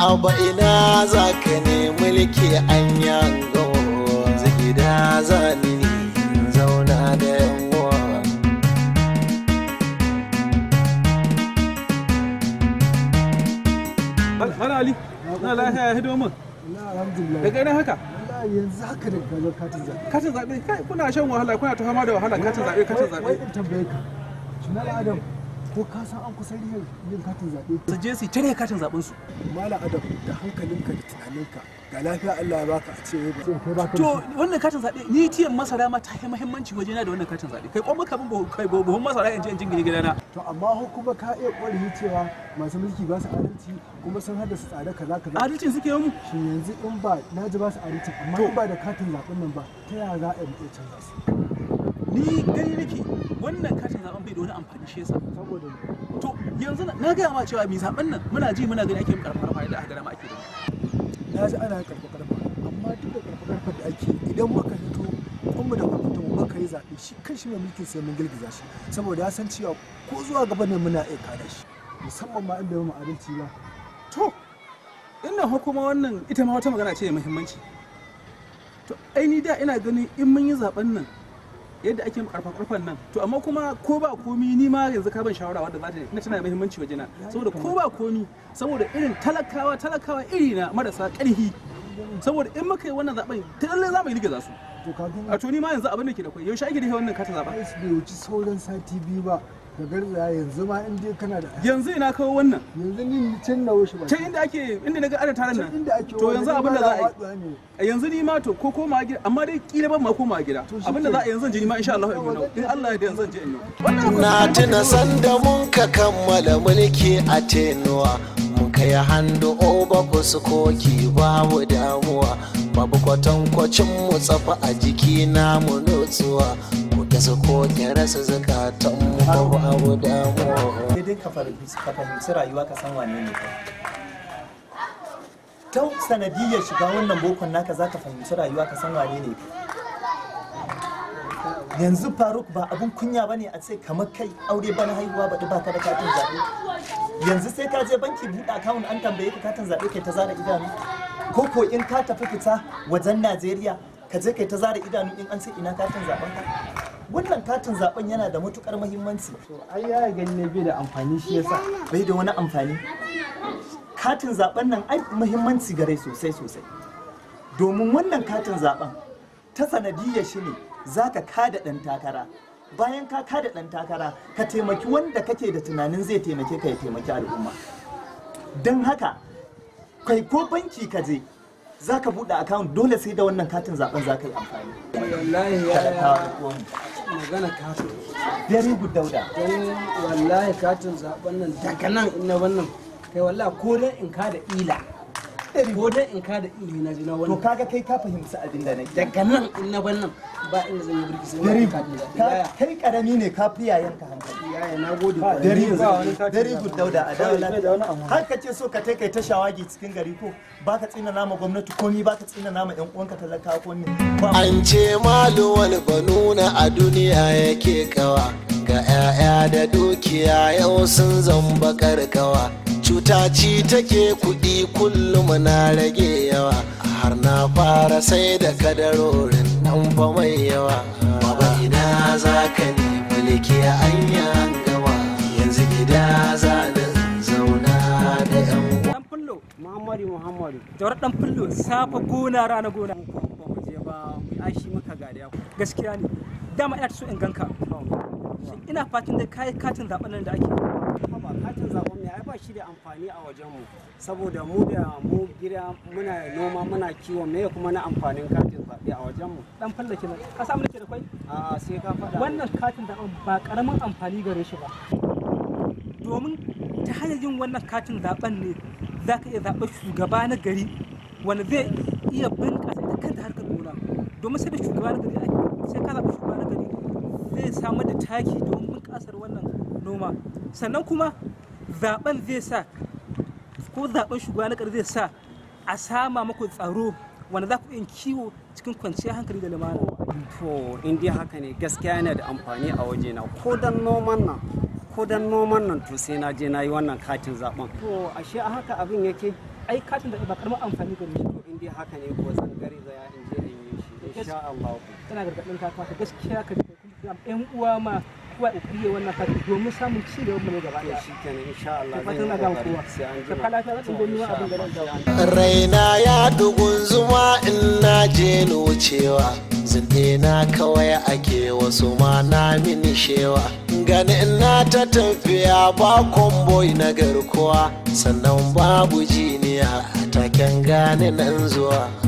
ba ina za ka ne mulki an yango gida za ni zauna da yawa Bala Ali, na lafiya ya hido min. Daga ina haka? yanzu haka da gano katin zaɓe. Katin zaɓe, kai kuna shan wahala, kuna ta fama da wahala katin zaɓe, katin zaɓe. Wai tambaye ka, Adam, ko ka san an kusa yin yin katin zaɓe su je su tare katin zaɓen su mala adam da hankalinka da tunaninka ga lafiya Allah ya baka a ce to wannan katin zaɓe ni tiyan masara ma ta yi muhimmanci waje na da wannan katin zaɓe kai kuma kamin kai buhun masara in je in jingine gidana to amma kuma ka iya ƙwarewa cewa masu mulki ba su adalci kuma sun hada su tsada kaza kaza adalcin suke mu shi yanzu in ba na ji ba su adalci amma in ba da katin zaɓen nan ba ta yaya za a yi mu canza su ni wannan katin zaben bai da wani amfani shi yasa to yanzu na gaya ma cewa mai zaben nan muna ji muna gani ake yi karfar fara da aka gara ma ake da na ji ana karfa karfa amma duk da karfa karfa da ake idan muka fito kuma da kwamfuta mu muka yi zaɓe shi kan shi mai mulkin sai mun girgiza shi saboda ya san cewa ko zuwa gaba nan muna iya kada shi musamman ma inda mu adalci ba to ina hukuma wannan ita ma wata magana ce mai muhimmanci to ai ni da ina ganin in mun yi zaben nan yadda ake karfan karfan nan to amma kuma ko ba komi ni ma yanzu ka ban shawara wanda za ta ina tana da muhimmanci waje na saboda ko ba komi saboda irin talakawa talakawa iri na marasa karhi saboda in muka yi wannan zaben lalle za mu yi za su a to ni ma yanzu abin da ke da kwai yaushe ake da wannan kata zaba bai wuci sauran sati biyu ba ka yanzu ma in kana da yanzu ina kawo wannan yanzu ni can na wuce can inda ake inda naga ana taron nan to yanzu abin da za a yi yanzu ni ma to ko koma gida amma dai kila ban ma koma gida abin da za a yanzu ji ni ma insha Allah in Allah ya da yanzu je in yi na tuna sanda mun ka kammala mulki a tenuwa mun kai hannu oba ku su koki babu damuwa babu kwatankwacin mu tsafa a jiki na mu nutsuwa su ko ki rasa zakatan mu babu abu damuwa. Daidai ka fahimci rayuwa ka san wane ne ta sanadiyar shiga wannan bokon naka zaka fahimci rayuwa ka san wane ne yanzu faruk ba abun kunya bane a ce kamar kai aure bana haihuwa ba ba ka da katin zaɓe yanzu sai ka je banki buɗe akawun an tambaye ka katin zaɓe kai ta zara idanu ko ko in ka tafi fita wajen najeriya ka je kai ta zara idanu in an ce ina katin zaɓen ka wannan katin zaben yana da matukar muhimmanci ai ya gani ne bai da amfani shi yasa bai da wani amfani katin zaben nan ai muhimmanci gare sosai sosai domin wannan katin zaben ta sanadiyya shi ne za ka kada dan takara bayan ka kada ɗan takara ka taimaki wanda kake da tunanin zai taimake ka ya taimaki al'umma don haka kai ko banki ka je za ka buɗe akawun dole sai da wannan katin zaben za ka yi amfani magana katin very good dauda don wallahi katin zaben nan daga nan in na wannan kai wallahi ko dan in ka da ila ko dan in ka da ili na ji na wannan to kaga kai ka fahimci abin da nake daga nan in na wannan ba in zan yi burki sai wannan katin kai karami ne ka fiya yanka Dari dari good dauda a dawo Har ka ce so ka kai ta shawagi cikin gari ko ba tsina nama gwamnati komi ba ka tsina nama yan uwanka talaka ko ne. An ce malu wani banuna a duniya yake kawa. Ga 'ya'ya da dukiya yau sun zamba karkawa. Cuta ci take kuɗi kullum na rage yawa. Har na fara sai da kadarorin nan fa mai yawa. Baba ina za ka leke anya gawa yanzu gida za na zauna da yan dan fullo muhammadu muhammadu tawar dan fullo safa gona rana gona ba mu je ba mu maka gariya gaskiya ne dama ina so in ganka ina fatan da kai katin zaɓen nan da ake ba katin zaɓen mai ai ba shi da amfani a wajen mu saboda mu da mu gida muna noma muna kiwo me kuma na amfanin katin zaɓe a wajen mu dan fallake na ka samu nake da kai a sai ka faɗa wannan katin zaɓen ba karamin amfani gare shi ba domin ta hanyar yin wannan katin zaɓen ne za ka iya zaɓar shugaba na gari wanda zai iya bunƙasa kan kanta harkar gona domin sai da shugaba na gari sai ka zaɓi shugaba na gari zai samar da taki don kuma sannan kuma zaben zai sa ko zaben shugaba na zai sa a sama maku tsaro wanda za ku yin kiwo cikin kwanciyar hankali da lumana to in haka ne gaskiya yana da amfani a wajena ko dan noman nan ko dan noman nan to sai na je na yi wannan katin zaben to ashe a haka abin yake ai katin da ba karamar amfani ga shi to in haka ne ko san gari za ya inje in yi shi insha Allah kana gargadin ka gaskiya ka yan uwa ma kowa wannan fati domin samun ci gaba shi kenan insha Allah zai da raina ya dugun zuma in na je nucewa zinde na kawai ake wasu ma na mini shewa ganin na ta tafiya ba komboi na garkuwa sannan babu jiniya a taken gane nan zuwa